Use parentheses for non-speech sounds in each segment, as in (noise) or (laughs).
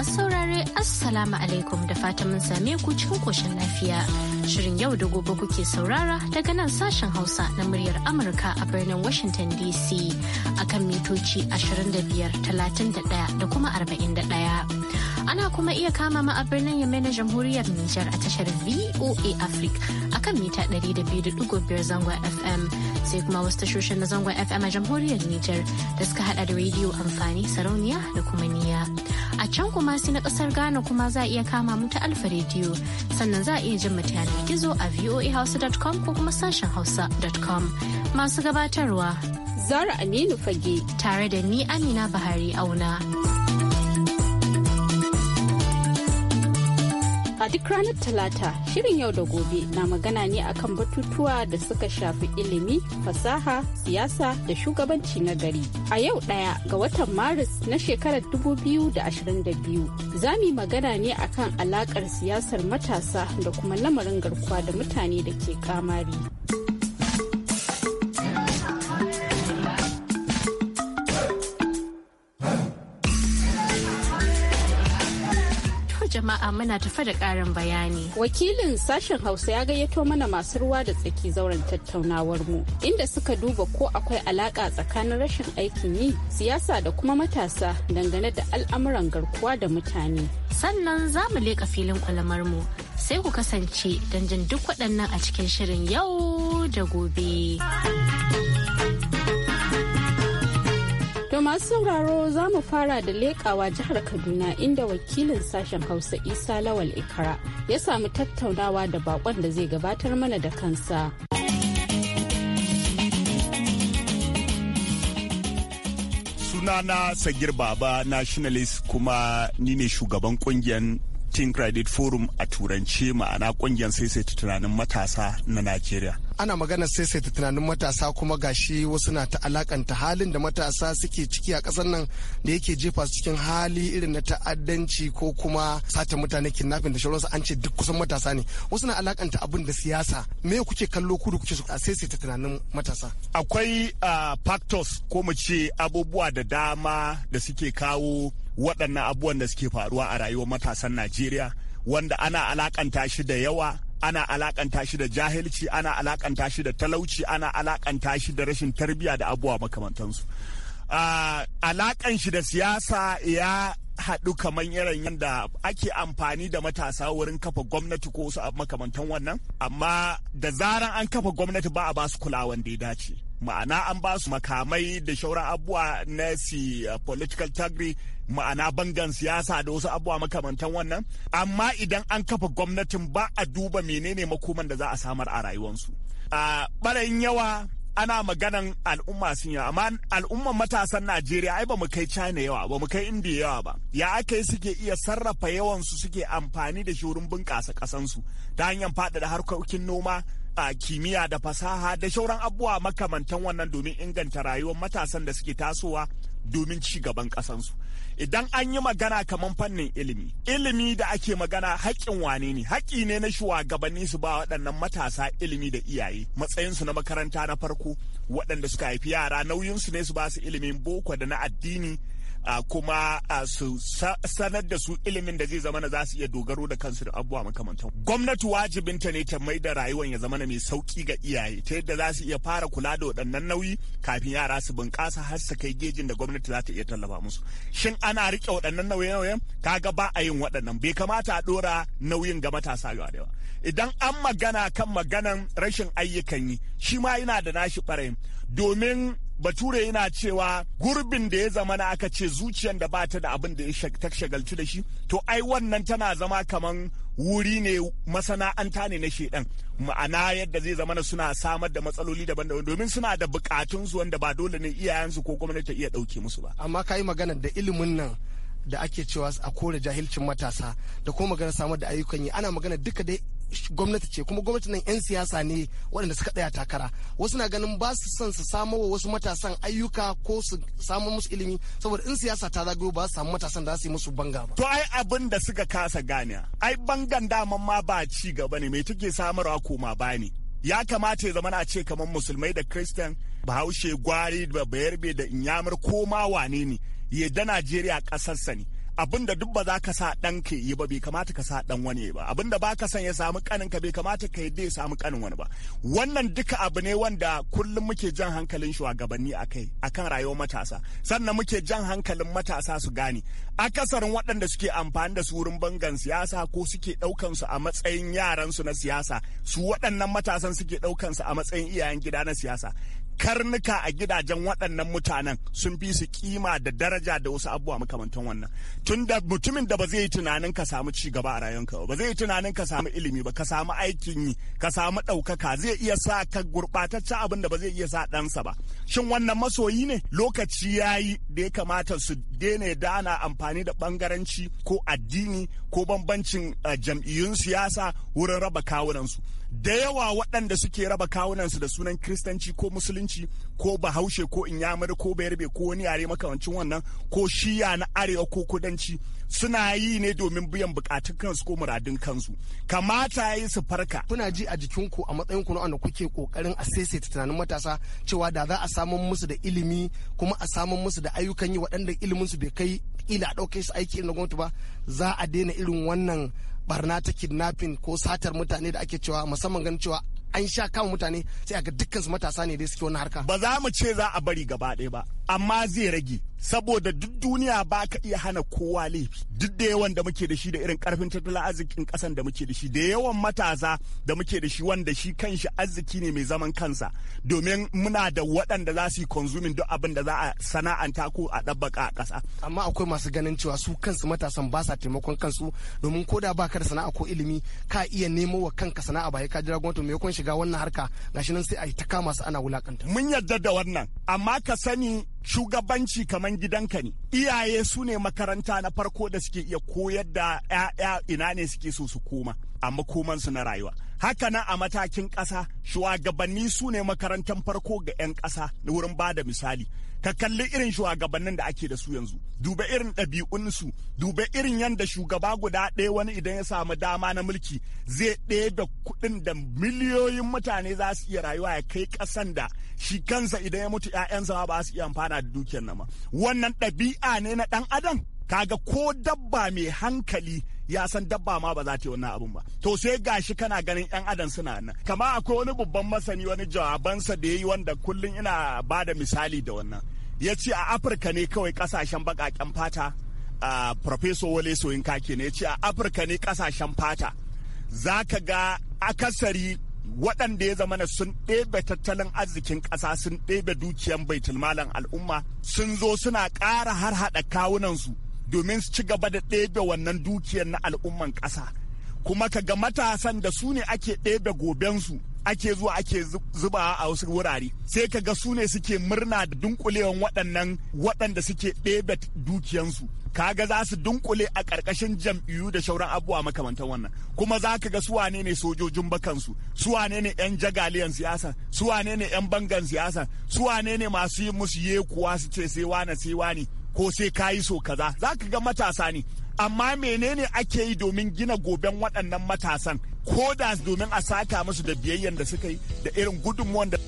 masu saurare assalamu alaikum da fata mun same ku cikin koshin lafiya shirin yau da gobe kuke saurara daga nan sashen hausa na muryar amurka a birnin washington dc akan mitoci 25 31 da kuma 41 ana kuma iya kama ma a birnin yame na jamhuriyar Nijar a tashar VOA Africa akan mita 200.5 zangon FM sai kuma wasu tashoshin na zangon FM a jamhuriyar Nijar da suka hada da rediyo amfani sarauniya da kuma niya. can kuma sai na kasar Ghana kuma za a iya kama mu ta Alfa Radio. Sannan za iya jin mutane ta gizo a voahausa.com ko kuma sashen hausa.com. Masu gabatarwa. Zara Aminu Fage. Tare da ni Amina Bahari Auna. A duk ranar Talata, shirin yau da gobe na magana ne akan batutuwa da suka shafi ilimi, fasaha, siyasa da shugabanci na gari. A yau ɗaya ga watan Maris na shekarar 2022, za mu magana ne akan alaƙar siyasar matasa da kuma lamarin garkuwa da mutane da ke kamari. sa'a muna tafa da ƙarin bayani. Wakilin sashen Hausa ya gayyato mana masu ruwa da tsaki zauren tattaunawar mu inda suka duba ko akwai alaƙa tsakanin rashin aikin yi, siyasa da kuma matasa dangane da al'amuran garkuwa da mutane. Sannan za mu leƙa filin kwalamar mu sai ku kasance don jin duk waɗannan a cikin shirin yau da gobe. To masu sauraro za mu fara da leƙawa jihar Kaduna inda wakilin sashen Hausa Isa Lawal Ikara ya samu tattaunawa da bakon da zai gabatar mana da kansa. sunana sagir baba nationalist kuma ni ne shugaban kungiyar Teen Credit Forum a turance ma'ana kungiyar saisaita tunanin matasa na Najeriya. Ana magana saisaita tunanin matasa kuma gashi wasu na ta alakanta halin da matasa suke ciki a ƙasar nan da yake jefa su cikin hali irin na ta'addanci ko kuma sata mutane kidnapping da shauransu an ce duk kusan matasa ne. Wasu na alakanta abin da siyasa. Me kuke kallo kudu kuke so a saisaita tunanin matasa? Akwai ah, factors ko mu ce abubuwa da dama da suke kawo waɗannan abubuwan da suke faruwa a rayuwar matasan najeriya wanda ana alakanta shi da yawa ana alakanta shi da jahilci ana alakanta shi da talauci ana alakanta shi da rashin tarbiyya da abubuwa makamantansu uh, alakan shi da siyasa ya haɗu kamar irin yadda ake amfani da matasa wurin kafa gwamnati ko su makamantan wannan amma da zaran an kafa gwamnati ba a ba su kulawan da ya dace ma'ana an basu makamai da shauran abubuwa na si eh, political tagri ma'ana bangan siyasa da wasu abubuwa makamantan wannan amma idan an kafa gwamnatin ba a duba menene makoman da za a samar a rayuwansu. a ɓarayin yawa ana maganan al'umma sun yawa amma al'umman matasan najeriya ai ba mu kai china yawa ba mu kai india yawa ba ya aka yi suke iya sarrafa yawansu suke amfani da shi wurin bunƙasa ƙasansu ta hanyar faɗaɗa harkokin noma a kimiyya da fasaha da shauran abubuwa makamantan wannan domin inganta rayuwar matasan da suke tasowa domin ci gaban ƙasansu. Idan an yi magana kamar fannin ilimi, ilimi da ake magana haƙƙin wane ne, haƙƙi ne na shugabanni su ba waɗannan matasa ilimi da iyaye, matsayinsu na makaranta na farko, waɗanda suka haifi yara nauyinsu ne su ba su ilimin boko da na addini a kuma a su sanar da su ilimin da zai zama na za su iya dogaro da kansu da abubuwa makamantan gwamnati wajibinta ne ta mai da rayuwar ya zama na mai sauki ga iyaye ta yadda za su iya fara kula da waɗannan nauyi kafin yara su bunƙasa har su kai gejin da gwamnati za ta iya tallafa musu shin ana rike waɗannan nauye-nauyen kaga ba a yin waɗannan bai kamata a ɗora nauyin ga matasa yawa da idan an magana kan maganan rashin ayyukan yi shi ma yana da nashi ɓarayin domin bature yana cewa gurbin da ya zama na aka ce zuciyar da ba ta da abin da ya ta shagaltu da shi to ai wannan tana zama kaman wuri ne masana'anta ne na shedan ma'ana yadda zai zama suna samar da matsaloli daban-daban domin suna da bukatunsu wanda ba dole ne iyayensu ko gwamnati iya dauke musu ba amma ka yi magana da ilimin nan da ake cewa a kore jahilcin matasa da kuma magana samar da ayyukan yi ana magana duka dai gwamnati ce kuma gwamnati nan 'yan siyasa ne waɗanda suka tsaya takara wasu na ganin ba su son su samo wa wasu matasan ayyuka ko su samu musu ilimi saboda in siyasa ta zagayo ba su samu matasan da su yi musu banga ba. to ai abin da suka kasa gane ai bangan daman ma ba ci gaba ne mai take samarwa koma ba ne ya kamata ya zama na ce kamar musulmai da kristan bahaushe gwari da bayarbe da inyamur ko ma wane ne yadda najeriya ƙasarsa ne abin da duk ba za ka sa ɗan ka yi ba bai kamata ka sa ɗan wani ba abin da ba ka san ya samu kanin ka bai kamata ka yadda ya samu kanin wani ba wannan duka abu ne wanda kullum muke jan hankalin shugabanni a kai akan rayuwar matasa sannan muke jan hankalin matasa su gane akasarin waɗanda suke amfani da su wurin bangan siyasa ko suke ɗaukan su a matsayin yaran su na siyasa su waɗannan matasan suke ɗaukan su a matsayin iyayen gida na siyasa karnuka a gidajen waɗannan mutanen sun fi su kima da daraja da wasu abubuwa makamantan wannan tun da mutumin da ba zai yi tunanin ka samu ci gaba a rayuwarka ba zai yi tunanin ka samu ilimi ba ka samu aikin yi ka samu ɗaukaka zai iya sa ka gurɓataccen abin da ba zai iya sa ɗansa ba shin wannan masoyi ne lokaci ya yi da ya kamata su daina dana amfani da ɓangaranci ko addini ko bambancin eh, jam'iyyun siyasa wurin raba kawunansu da yawa waɗanda suke raba kawunansu da sunan kiristanci ko musulunci ko bahaushe ko inyamuri ko bayarbe ko wani yare makamancin wannan ko shiya na arewa ko kudanci suna yi ne domin biyan bukatun kansu ko muradun kansu kamata yi su farka kuna ji a jikinku a matsayin ku na kuke kokarin a saisaita tunanin matasa cewa da za a samun musu da ilimi kuma a samun musu da ayyukan yi waɗanda ilimin su bai kai ila a ɗauke su aiki na gwamnati ba za a daina irin wannan barna ta kidnapping ko satar mutane da ake cewa musamman ganin cewa an sha kama mutane sai a ga dukkan matasa ne da suke wani harka ba za mu ce za a bari gaba ɗaya ba amma zai rage saboda duk duniya ba ka iya hana kowa laifi duk da yawan da muke da shi da irin karfin tattalin arzikin kasan da muke da shi da yawan matasa da muke da shi wanda shi kanshi arziki ne mai zaman kansa domin muna da waɗanda za su yi consuming duk abin da za a sana'anta ko a ɗabbaka a ƙasa amma akwai masu ganin cewa su kansu matasan ba sa taimakon kansu domin ko da baka da sana'a ko ilimi ka iya nemo wa kanka sana'a ba ka jira gwamnati kun shiga wannan harka gashi nan sai a yi ta kama su ana wulakanta mun yarda da wannan amma ka sani shugabanci kamar gidanka ne iyaye su ne makaranta na farko da suke iya koyar da 'ya'ya ina ne suke so su koma a makomansu na rayuwa haka na a matakin ƙasa shugabanni su ne makarantar farko ga 'yan ƙasa na wurin ba da misali ka kalli irin shugabannin da ake da su yanzu duba irin ɗabi'unsu duba irin yadda shugaba guda ɗaya wani idan ya samu dama na mulki zai ɗaya da kuɗin da miliyoyin mutane za su iya rayuwa ya kai ƙasan da shi kansa idan ya mutu 'ya'yansa ba su iya amfana da dukiyar nama wannan ɗabi'a ne na ɗan adam kaga ko dabba mai hankali ya san dabba ma ba za ta yi wannan abun ba to sai gashi kana ganin yan adam suna nan kama akwai wani babban masani wani jawabansa da ya yi wanda kullum ina ba da misali da wannan ya ce a afirka ne kawai kasashen baƙaƙen fata a professor wale kake ne ya ce a afirka ne kasashen fata za ka ga akasari waɗanda ya zama na sun ɗebe tattalin arzikin ƙasa sun ɗebe dukiyan baitulmalan al'umma sun zo suna ƙara har haɗa kawunansu domin su ci gaba da ɗebe wannan dukiyar na al'umman ƙasa kuma ka ga matasan da su ne ake ɗebe gobensu ake zuwa ake zuba a wasu wurare sai ka ga su ne suke murna da dunkulewan waɗannan waɗanda suke ɗebe dukiyansu ga za su dunkule a ƙarƙashin jam'iyyu da shauran abubuwa makamantan wannan kuma za ka ga su wane ne sojojin bakansu su wane ne yan jagaliyan siyasa su wane ne yan bangan siyasa su wane ne masu yi musu yekuwa su ce sai wane sai wane ko sai ka yi so kaza za ka ga matasa ne amma menene ake yi domin gina goben waɗannan matasan ko da domin a saka musu da biyayyen da suka yi da irin gudunmuwan da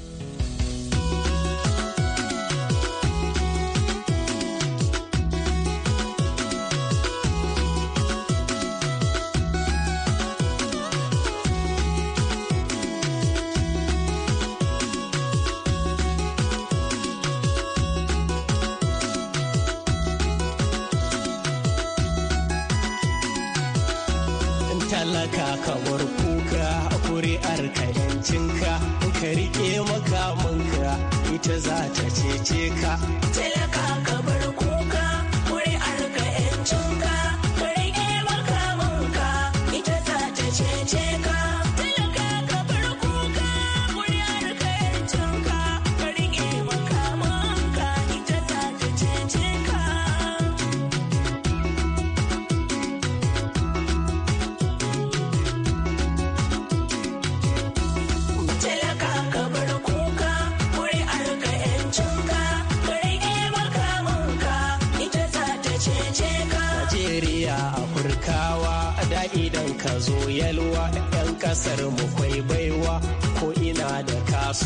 talaka ka bar kuka kuri'ar ka yancinka ka rike makamanka ita za ta cece ka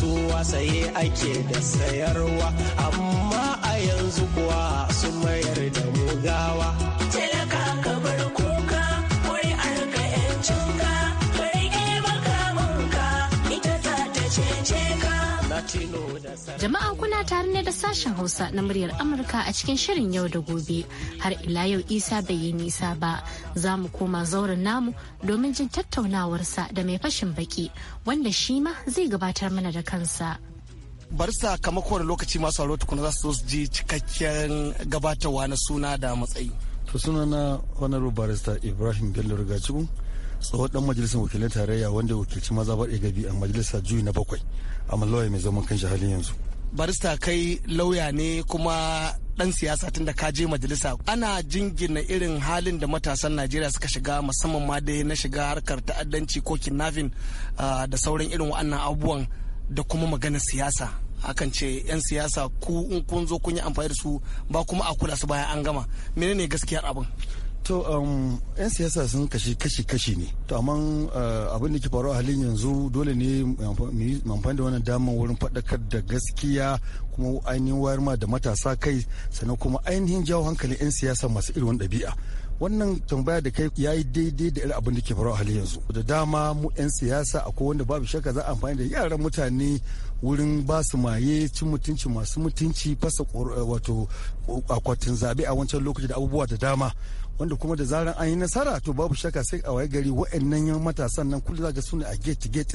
kasuwa saye ake da sayarwa amma a yanzu kuwa sun mayar da mugawa Jama'a kuna tare ne da sashen Hausa na muryar Amurka a cikin shirin yau da gobe. Har ila yau Isa bai yi nisa ba. Za mu koma zauren namu domin jin tattaunawarsa da mai fashin baki wanda shi ma zai gabatar mana da kansa. kamar kowane lokaci masu sauraro tukuna za su ji cikakken gabatarwa na suna da matsayi. To suna na honorable barista Ibrahim Bello Rigacigun tsohon dan majalisar wakilin tarayya wanda wakilci maza ba gabi a majalisar juyi na bakwai a lauya mai zaman kanshi halin yanzu barista kai lauya ne kuma dan siyasa tun da ka je majalisa ana jingina irin halin da matasan najeriya suka shiga musamman ma dai na shiga harkar ta'addanci ko kidnapping ah, da sauran irin waɗannan abubuwan da kuma maganar siyasa akan ce 'yan siyasa ku in kun zo kun yi amfani da su ba kuma a kula su bayan an gama menene gaskiyar abin To, um, 'yan siyasa sun kashi kashi-kashi ne. To, amma uh, abin da ke faru a halin yanzu dole ne amfani da wannan damar wurin faɗakar da gaskiya kuma ainihin wayar ma da matasa kai sannan kuma ainihin jawo hankalin 'yan siyasa masu irin wani ɗabi'a. wannan tambaya da kai ya yi daidai da irin abin da ke faru a halin yanzu da dama mu 'yan siyasa akwai wanda babu shakka za a amfani da yaran mutane wurin ba su maye cin mutunci masu mutunci fasa wato akwatin zaɓe a wancan lokaci da abubuwa da dama wanda kuma da zaran an yi nasara to babu shaka sai a waye gari wa'annan yan matasan nan kullum su sune a gate gate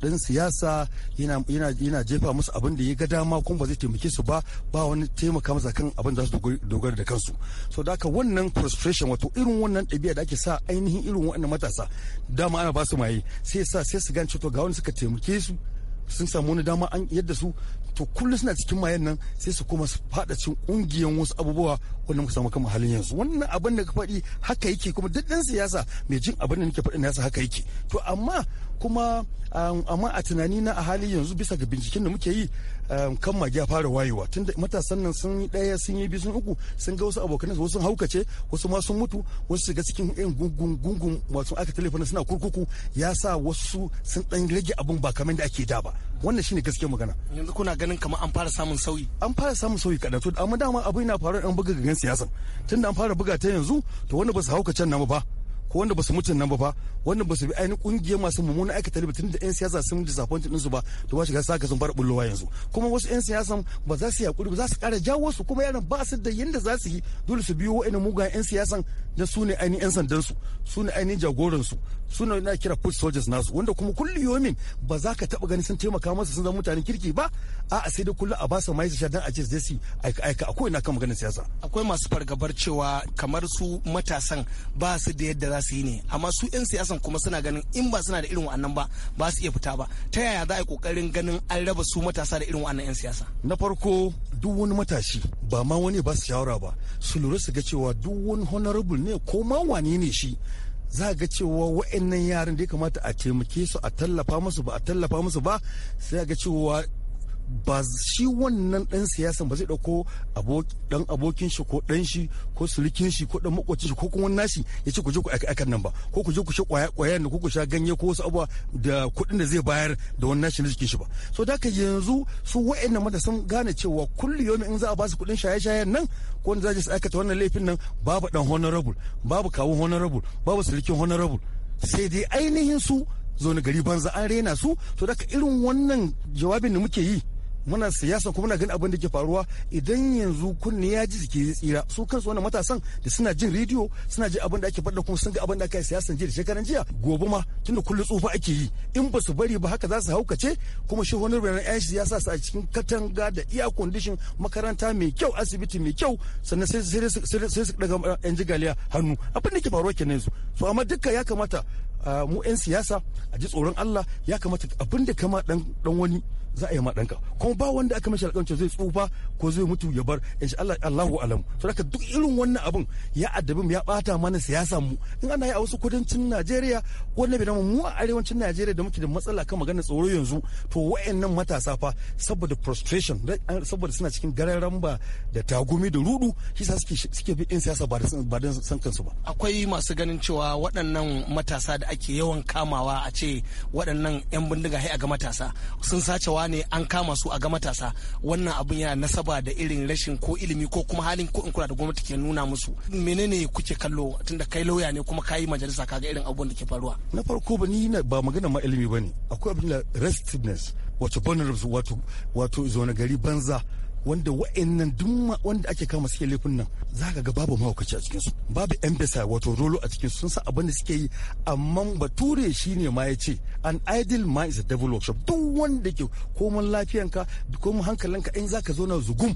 din siyasa yana yana yana jefa musu abin da ya ga dama kuma ba zai taimake su ba ba wani taimaka masa kan abin da su dogara da kansu so da haka wannan frustration wato irin wannan ɗabi'a da ake sa ainihin irin wa'annan matasa dama ana ba su maye sai sa sai su gane to ga wani suka taimake su sun samu wani dama an yadda su to kullum suna cikin mayan nan sai su koma su fada cin kungiyan wasu abubuwa wanda muka samu kama halin yanzu wannan abin da ka faɗi haka yake kuma duk ɗan siyasa mai jin abin da nake faɗi nasa haka yake to amma kuma um, amma a tunani na a halin yanzu bisa ga binciken da muke yi um, kan magi ya fara wayewa tunda matasan nan sun yi ɗaya sun yi biyu sun uku sun ga wasu abokan wasu sun haukace wasu ma sun mutu wasu shiga cikin yan gungun gungun wasu aka telefona suna kurkuku ya sa wasu sun ɗan rage abin ba kamar da ake da ba wannan shine gaskiyar magana yanzu kuna ganin kamar an fara samun sauyi an fara samun sauyi kaɗan to amma dama abu yana faruwa an buga gangan siyasa tunda an fara buga ta yanzu to wanda ba su hauka can namu ba ko wanda basu mutu nan ba fa wanda basu bi ainihin kungiyar masu mummuna aika riba tun da yan siyasa sun disappointed din su ba to ba shiga saka sun fara bullowa yanzu kuma wasu yan siyasan ba za su yi hakuri ba za su kara jawo su kuma yaran ba su da yanda za su yi dole su biyo wa'annan mugayen yan siyasan da su ne ainihin yan sandan su su ne ainihin jagoran su su ne na kira foot soldiers nasu wanda kuma kullu yomin ba za ka taba gani sun taimaka masa sun zama mutanen kirki ba a sai da kullu a ba su mai su a ce zai su aika aika akwai na kan maganar siyasa akwai masu fargabar cewa kamar su matasan ba su da yadda za siyasi ne amma su 'yan siyasan kuma suna ganin in ba suna da irin wa'annan ba ba su iya fita ba ta yaya za a yi kokarin ganin an raba su matasa da irin wa'annan 'yan siyasa na farko duk wani matashi ba ma wani ba su shawara ba su lura su ga cewa duk wani honorable ne ko ma wani ne shi za ga cewa wa'annan yaran da ya kamata a taimake su a tallafa musu ba a tallafa musu ba sai ga cewa ba shi wannan dan siyasan ba zai dauko dan abokin shi ko dan shi ko sulukin shi ko dan makwacin shi ko kuma nashi ya ce ku je ku aika nan ba ko ku je ku sha kwaya kwaya ko ku sha ganye ko wasu abuwa da kuɗin da zai bayar da wannan nashi na jikin shi ba so da ka yanzu su wa'annan matasan gane cewa kullu yau in za a ba su kuɗin shaye-shayen nan ko wanda za su aikata wannan laifin nan babu dan honorable babu kawo honorable babu surikin honorable sai dai ainihin su zo na gari banza an rena su to daka irin wannan jawabin da muke yi muna siyasa kuma muna ganin abin da ke faruwa idan yanzu kunne ya ji jiki tsira su kansu wannan matasan da suna jin rediyo suna jin abin da ake faɗa kuma sun ga abin da aka yi siyasan jiya da shekaran jiya gobe ma tunda kullum tsufa ake yi in ba su bari ba haka za su haukace kuma shi wani yan siyasa su a cikin katanga da iya kondishin makaranta mai kyau asibiti mai kyau sannan sai su daga yan jigaliya hannu abin da ke faruwa kenan yanzu so amma duka ya kamata ah, mu 'yan siyasa a ji tsoron Allah ya kamata abin da kama dan wani za a yi maɗanka kuma ba wanda aka mashi alƙawarin zai tsufa ko zai mutu ya bar in sha Allah Allahu alam to haka duk irin wannan abun ya addabi mu ya bata mana siyasa mu in ana yi a wasu kudancin Najeriya wannan bai mu a arewacin Najeriya da muke da matsala kan magana tsoro yanzu to wayannan matasa fa saboda frustration saboda suna cikin gararan ba da tagumi da rudu shi sa suke suke bi in siyasa ba da ba da san kansu ba akwai masu ganin cewa waɗannan matasa da ake yawan kamawa a ce waɗannan 'yan bindiga hai a ga matasa sun sace wa ne an kama su a ga matasa wannan abun yana nasaba da irin rashin ko ilimi ko kuma halin ko in kula da gwamnati ke nuna musu menene kuke kallo tunda kai lauya ne kuma kayi majalisa kaga irin abubuwan da ke faruwa na farko ba ni ba magana ma ilimi bane akwai abin da restiveness wato vulnerable wato wato zona gari banza wanda wa'annan duk wanda ake kama suke laifin nan za ka ga babu mahaukaci a cikinsu babu yan bisa wato rolo a cikinsu sun sa abin da suke yi amma bature shi ne ma ya ce an idle mind is a devil workshop duk wanda ke koman lafiyanka koman hankalinka in za ka zo na zugum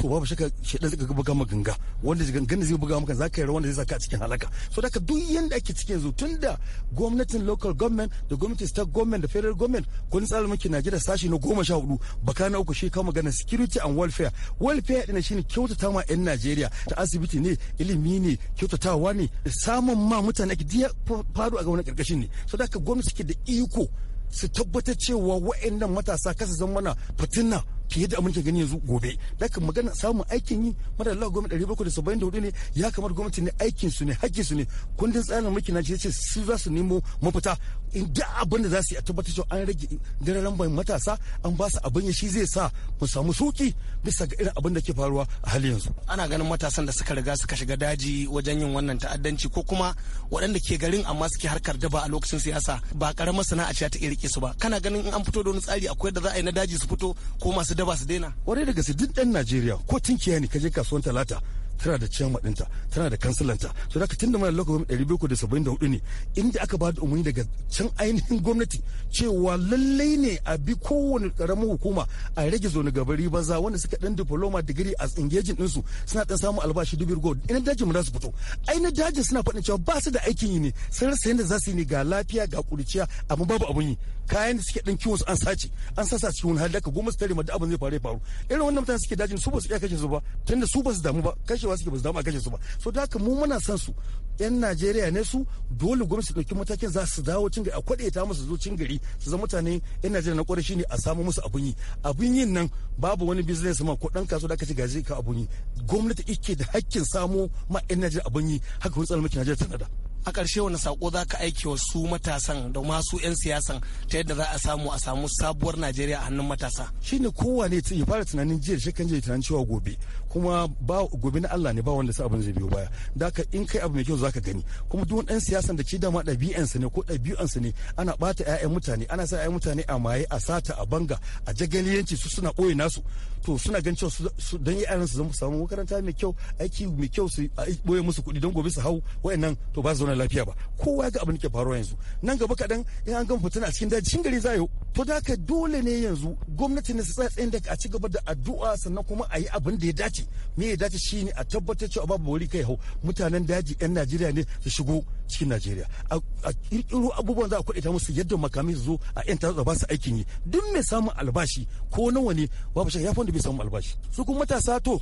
to babu shakka shedan zaka buga maka ganga wanda gangan zai buga maka zaka yarda wanda zai saka a cikin halaka so daga duk yanda ake cikin yanzu tunda gwamnatin local government da gwamnatin state government da federal government kun tsara miki Najeriya sashi na goma sha hudu baka na uku shi ka magana security and welfare welfare din shine kyautata ma yan Najeriya ta asibiti ne ilimi ne kyautatawa ne samun ma mutane ake diya faru a wani karkashin ne so daga gwamnati ke da iko su tabbatar cewa wa'annan matasa kasa zama mana fitina fiye da amurka gani yanzu gobe da magana samun aikin yi mara Allah gwamnati ɗari bakwai da saba'in da hudu ne ya kamar gwamnati ne aikin su ne hakkin su ne kundin tsarin mulki na ce su za su nemo mafita in da abin da za su yi a tabbatar cewa an rage dare lambar matasa an ba su abin ya shi zai sa mu samu suki bisa ga irin abin da ke faruwa a hali yanzu ana ganin matasan da suka riga suka shiga daji wajen yin wannan ta'addanci ko kuma waɗanda ke garin amma suke harkar daba a lokacin siyasa ba karamar sana'a ce ta iya rike su ba kana ganin in an fito da wani tsari akwai yadda za a yi na daji su fito ko masu daba su daina wani da gaske duk ɗan Najeriya ko tunkiya ne ka je kasuwan Talata tana da chairman ɗinta tana da kansulanta so da tun da mana lokacin ɗari biyu da saba'in da hudu ne inda aka ba da umarni daga can ainihin gwamnati cewa lallai ne a bi kowane ƙaramin hukuma a rage zoni gabari banza wanda suka ɗan diploma digiri as engaging ɗinsu suna ɗan samun albashi dubu go ina dajin mu za su fito ainihin dajin suna faɗin cewa ba su da aikin yi ne sun rasa yadda za su yi ne ga lafiya ga ƙuriciya amma babu abin yi kayan da suke ɗan kiwon su an sace an sasa cikin wani hali ka goma su tare ma da abin zai faru irin wannan mutane suke dajin su ba su iya kashe su ba tunda su ba su damu ba kashe cewa suke ba su damu a kashe su ba so da haka mu muna son su yan najeriya ne su dole gwamnati ɗauki matakin za su dawo cin gari a kwaɗe ta musu zo cin gari su zama mutane yan najeriya na kwarai shine a samu musu abun yi abun yin nan babu wani business man ko ɗan kasuwa da aka ce gaji ka abun yi gwamnati ike da hakkin samo ma yan najeriya abun yi haka wani tsarin mulkin najeriya tana da. a ƙarshe wani sako za ka aiki wa su matasan da masu 'yan siyasan ta yadda za a samu a samu sabuwar najeriya a hannun matasa shine kowane ya fara tunanin jiya shi kan je tunanin cewa gobe kuma ba gobe na allah ne ba wanda sa abin zai biyo baya da in kai abu mai kyau zaka gani kuma duk ɗan siyasan da ke dama ɗabi'ansa ne ko ɗabi'ansa ne ana ɓata 'ya'yan mutane ana sa 'ya'yan mutane a maye a sata a banga a jagaliyanci su suna ɓoye nasu to suna gan cewa su dan yaran su samu makaranta mai kyau aiki mai kyau su ɓoye musu kuɗi don gobe su hau wa'annan to ba su zauna lafiya ba kowa ga abin da ke faruwa yanzu nan gaba kaɗan in an gama fitina a cikin daji cikin gari za yi to da haka dole ne yanzu gwamnati ne su tsaya tsayin daga a ci gaba da addu'a sannan kuma a yi abin da ya dace me ya dace shi ne a tabbatar cewa babu wuri kai hau mutanen daji yan Najeriya ne su shigo cikin Najeriya a kirkiro abubuwan za a kuɗe musu yadda makamai su zo a yan tatsa ba su aikin yi duk mai samun albashi ko nawa ne babu shi ya fanda bai samun albashi su kuma matasa to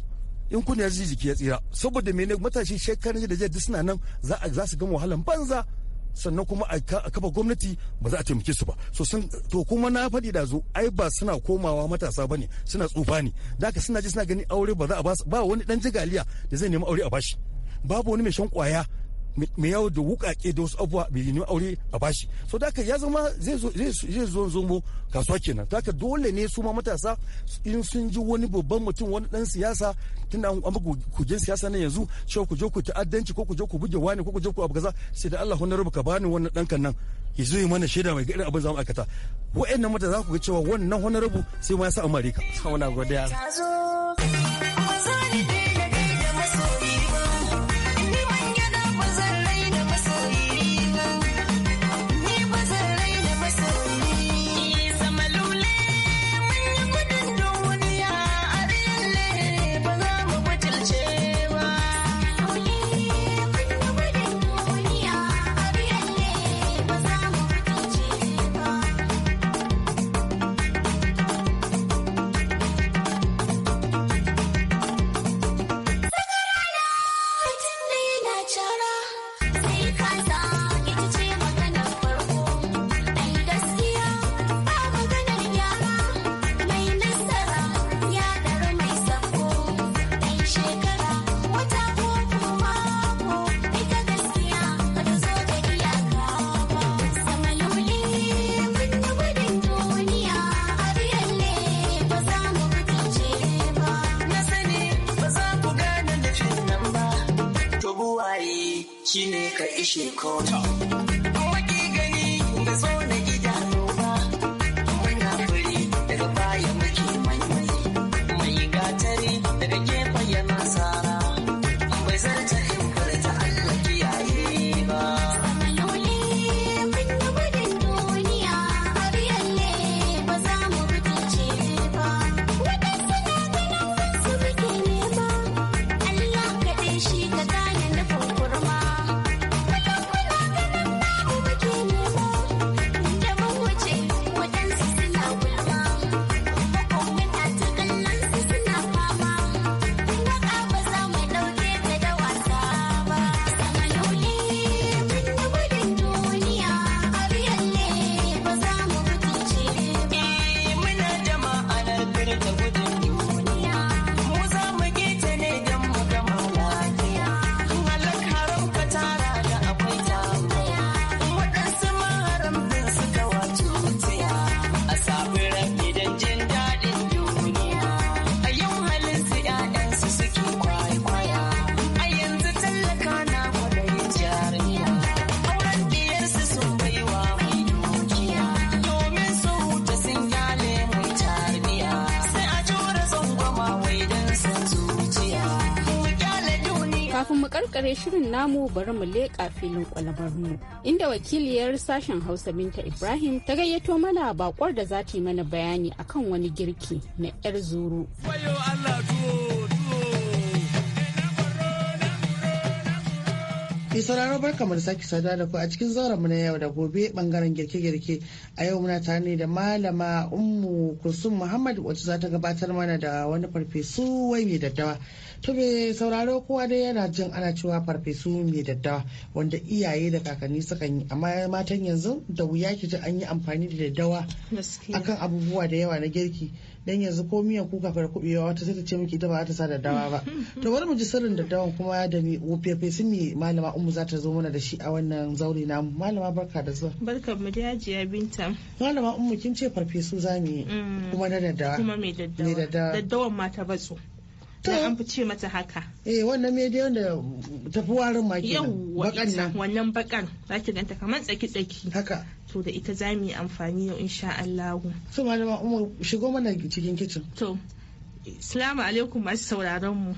in kuna yar jiki ya tsira saboda mene matashi shekaran da jiya suna nan za su gama wahalan banza sannan kuma a kafa gwamnati ba za a taimake su ba so sun to kuma na faɗi da zo ai ba suna komawa matasa bane suna tsufa ne da ka suna ji suna gani aure ba za a ba ba wani dan jigaliya da zai nemi aure a bashi babu wani mai shan kwaya mai yawo da wukake da wasu abubuwa bai nemi aure a bashi so da ya zama zai zo zo mu kasuwa kenan da dole ne su ma matasa in sun ji wani babban mutum wani dan siyasa tun da an kujen siyasa na yanzu cewa ku je ku ta'addanci ko ku je ku buge wani ko ku je ku abu kaza sai da Allah honorable ka bani wannan kan nan ya zo yi mana shaida mai gaɗin abin zamu aikata wa'annan matasa za ku ga cewa wannan honorable sai ma ya sa amare ka muna godiya You called. kare shirin namu bari mu leƙa filin mu inda wakiliyar sashen hausa binta ibrahim ta gayyato mana bakwar da za ta yi mana bayani akan wani girki na 'yar zuru. sauraro barka mu da sake sada da ku a cikin zauren na yau da gobe bangaren girke-girke a yau muna tare ne da malama ummu kusum muhammad wacce za ta gabatar mana da wani farfesu wai mai daddawa to me sauraro kowa dai yana jin ana cewa farfesu mai daddawa wanda iyaye da kakanni suka yi amma matan yanzu da wuya ki ji an yi amfani da daddawa akan abubuwa da yawa na girki dan yanzu ko miyan kuka fara kubewa wata sai ta ce miki ita ba za ta sa daddawa ba (laughs) to bari mu ji sirrin daddawan kuma da mi farfesu mai malama umu za ta zo mana da shi a wannan zaure na malama barka da zuwa barka mu da hajiya binta malama umu kin ce farfesu zamu yi mm. kuma na daddawa kuma mai daddawa daddawan mata ba batso da an fi ce mata haka eh wannan media da tafi warin ma nan. bakan nan wannan bakan zaki ganta kamar tsaki tsaki haka to da ita za mu yi amfani yau insha Allah so malama Umar shigo mana cikin kicin to Assalamu alaikum masu sauraron mu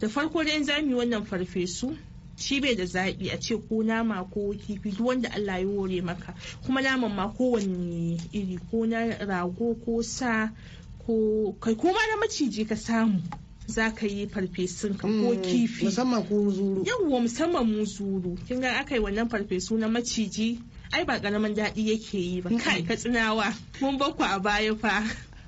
da farko dai za mu yi wannan farfesu shi bai da zaɓi a ce ko nama ko kifi duk wanda Allah ya wore maka kuma naman ma kowanne iri ko na rago ko sa ko kai ko ma na maciji ka samu za ka yi farfesun ka ko mm, kifi musamman ko zuru yawwa musamman mu zuru kin ga aka yi wannan farfesu na maciji ai ba karamin daɗi yake yi ba kai ka tsinawa mun ku a baya fa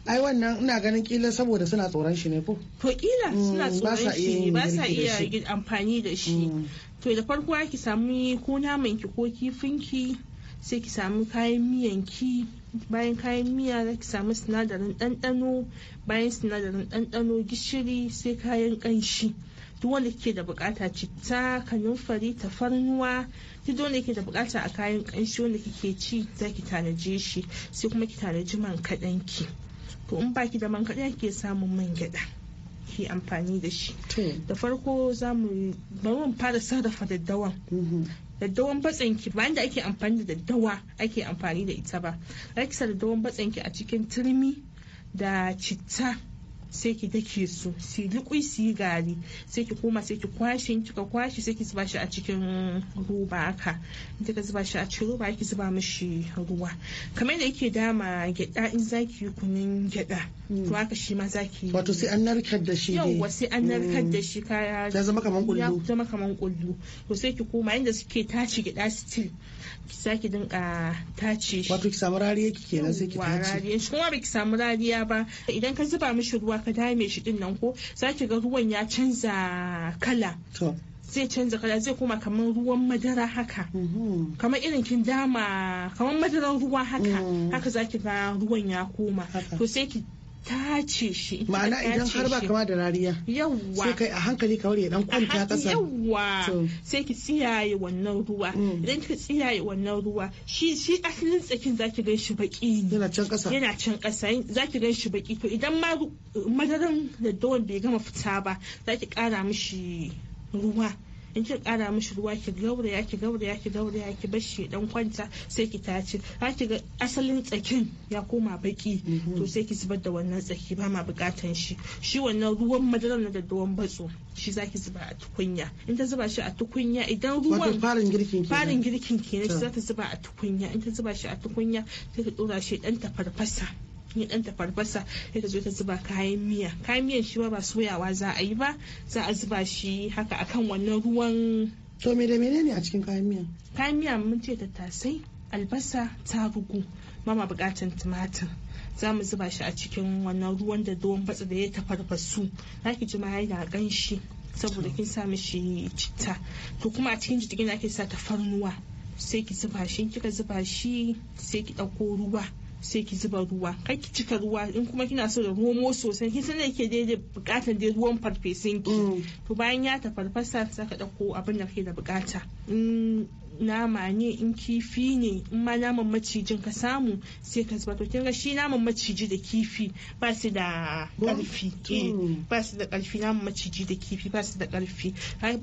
ai wannan ina ganin kila saboda suna tsoron shi ne ko to kila mm, suna tsoron shi ba sa iya amfani da shi mm. to da farko ki samu ko naman ki ko kifin ki sai ki samu kayan miyan ki bayan kayan miya za ki samu sinadarin ɗanɗano bayan sinadarin ɗanɗano gishiri sai kayan ƙanshi duk wanda ke da bukata citta kanumfari tafarnuwa duk wanda ke da bukata a kayan ƙanshi wanda kike ci za ki tanaje shi sai kuma ki tanaji man kaɗan ki to in baki da man kaɗan ke samun man gyaɗa ki amfani da shi da farko za mu bari mu fara sarrafa daddawan mm-hmm. daddawan batsin ki bayan da ake amfani da daddawa ake amfani da ita ba a ki daddawan batsen a cikin turmi da citta sai ki dake su su liƙui su yi gari sai ki koma sai ki kwashe in kika kwashe sai ki zuba shi a cikin roba haka in kika zuba shi a cikin roba ki zuba mishi ruwa kamar da yake dama gyaɗa in zaki yi kunun gyaɗa hmm. to haka shi ma zaki yi. wato sai an narkar da shi yauwa sai an narkar da hmm. shi kaya ya zama kaman kullu ya zama kaman kullu to sai ki koma inda suke tace gyaɗa still ki sake dinka tace shi wato ki samu rariya kike na sai ki tace shi kuma baki samu rariya ba idan ka zuba mishi ruwa ka dame shi din nan ko zaki ga ruwan ya canza kala to zai canza kala zai koma kamar ruwan madara haka mm-hmm. kamar irin kin dama kamar madaran ruwa haka mm. haka zaki ga ruwan ya koma to sai ki tace shi ma'ana idan har ba kama da rariya yawwa sai kai a hankali kawar ya dan kwanta kasa yawwa sai ki tsiyaye wannan ruwa mm. idan ki tsiyaye wannan ruwa shi shi asalin tsakin zaki gan shi baki yana can kasa yana can kasa zaki gan shi baki to idan ma madaran da bai gama fita ba zaki kara mishi ruwa in ki kara mishi ruwa ki gauraya ki gauraya ki gauraya ki bar shi dan kwanta sai ki tace za ki ga asalin tsakin ya koma baki mhm. to sai ki zubar da wannan tsaki ba ma bukatan shi shi wannan ruwan madarar na daddawan batso shi zaki zuba a tukunya in ta zuba shi a tukunya idan ruwan farin girkin farin girkin kenan shi za ta zuba a tukunya in ta zuba shi a tukunya sai ta dora shi dan ta farfasa ni dan tafarfasa sai ta zo ta zuba kayan miya kayan miyan shi ba ba soyawa za a yi ba za a zuba shi haka akan wannan ruwan to me da menene a cikin kayan miya kayan miya mun ce tattasai albasa ta bugu mama bukatan tumatir za mu zuba shi a cikin wannan ruwan da don batsa da ya tafarfasu za ki ji ma yana ganshi saboda kin sa mishi citta to kuma a cikin jirgin ake sa tafarnuwa sai ki zuba shi kika zuba shi sai ki ɗauko ruwa sai ki zuba ruwa kai ki cika ruwa in kuma kina so da romo sosai kin san da yake daidai bukatar da ruwan farfesunki ki mm. to bayan ya tafarfasa saka ɗauko dauko abin da kake da bukata nama ne in kifi ne in ma naman macijin ka samu sai ka zuba to kin ga shi naman maciji da kifi ba su da karfi eh, ba su da karfi naman maciji da kifi ba su da karfi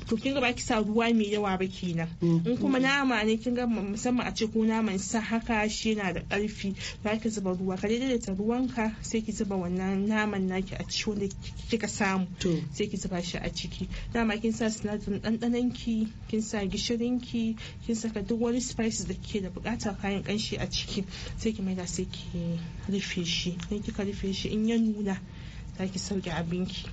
to kin ga ba ki sa ruwa mai yawa ba kenan mm. in kuma nama ne kin ga musamman a ce ko naman sa haka shi yana da karfi ba ki zuba ruwa ka daidaita ka sai ki zuba wannan naman naki a ciki wanda kika samu sai ki zuba shi a ciki dama kin sa sinadarin ɗanɗanonki kin sa gishirin ki. kin saka duk wani spices da kike da bukatar kayan kanshi a ciki sai ki maida sai ki rufe shi in kika rufe shi in ya nuna za ki sauke abinki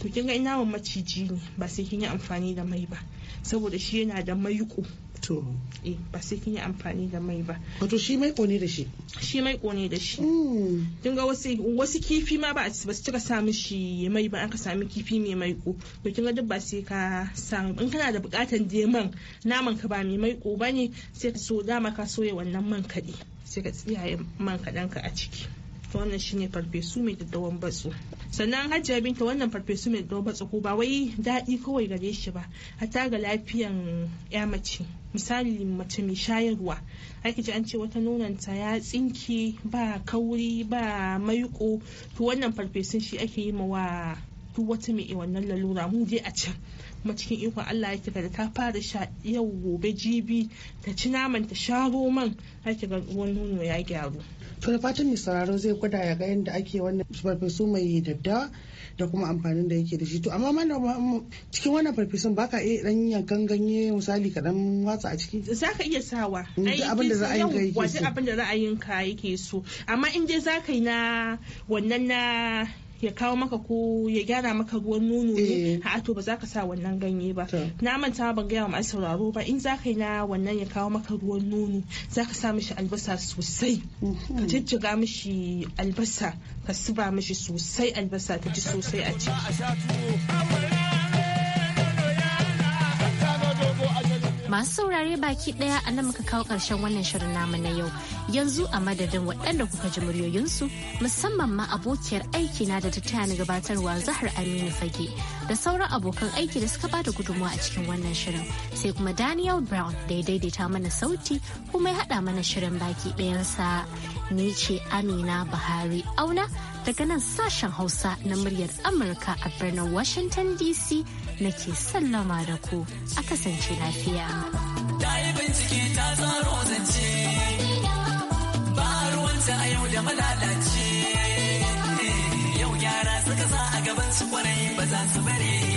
to kin ga ina maciji ne ba sai kin yi amfani da mai ba saboda shi yana da maiƙo to eh ba sai kin yi amfani da mai ba wato shi mai kone da shi shi mai kone da shi hmm. kin ga wasu wasu kifi ma ba a su cika samu shi mai ba an ka sami kifi mai maiko to kin ga duk ba sai ka san in kana da bukatan man naman ka ba mai maiko bane sai ka so dama ka soya wannan man kaɗi sai ka tsiyaye man kaɗan ka a ciki wannan shine farfesu mai daddawan batsu sannan hajiya binta wannan farfesu mai daddawan batsu ko ba wai daɗi kawai gare shi ba hatta ga lafiyan ya mace misali mace mai shayarwa ake ji an ce wata nonanta ya tsinki ba kauri ba maiko to wannan farfesun shi ake yi ma wa duk wata mai wannan lalura mu je a can kuma cikin ikon Allah yake da ta fara sha yau gobe jibi ta ci naman ta sha roman ake ga ruwan nono ya gyaru to da fatan sauraro zai gwada ya ga yadda ake wannan farfesu mai dadda da kuma amfanin da yake da shi to amma mana cikin wannan farfesun baka iya dan yankan ganye misali ka dan watsa a ciki ka iya sawa mm, abin da ra'ayinka yake so abin da ra'ayinka yake so amma in dai ka yi na wannan na ya kawo maka ko ya gyara maka ruwan nono ne eh. a to ba za ka sa wannan ganye ba na manta ban gaya wa masu sauraro ba in za ka yi na wannan ya kawo maka ruwan nono za ka sa mishi albasa sosai ka mm-hmm. jijjiga mishi albasa ka siba mishi sosai albasa ta ji sosai a ciki Masu saurare baki daya a nan muka kawo ƙarshen wannan shirin namu na yau. Yanzu a madadin waɗanda kuka ji muryoyinsu musamman ma abokiyar aiki na da ta taya ni gabatarwa Zahar Aminu Fage da sauran abokan aiki da suka ba da gudunmawa a cikin wannan shirin. Sai kuma Daniel Brown da ya daidaita mana sauti kuma ya haɗa mana shirin baki ɗayansa. ni ce Amina Buhari auna daga nan sashen Hausa na muryar Amurka a birnin Washington DC nake sallama da ku a kasance lafiya. bincike ta ba a yau gyara suka sa a gaban su kwarai ba za su bare.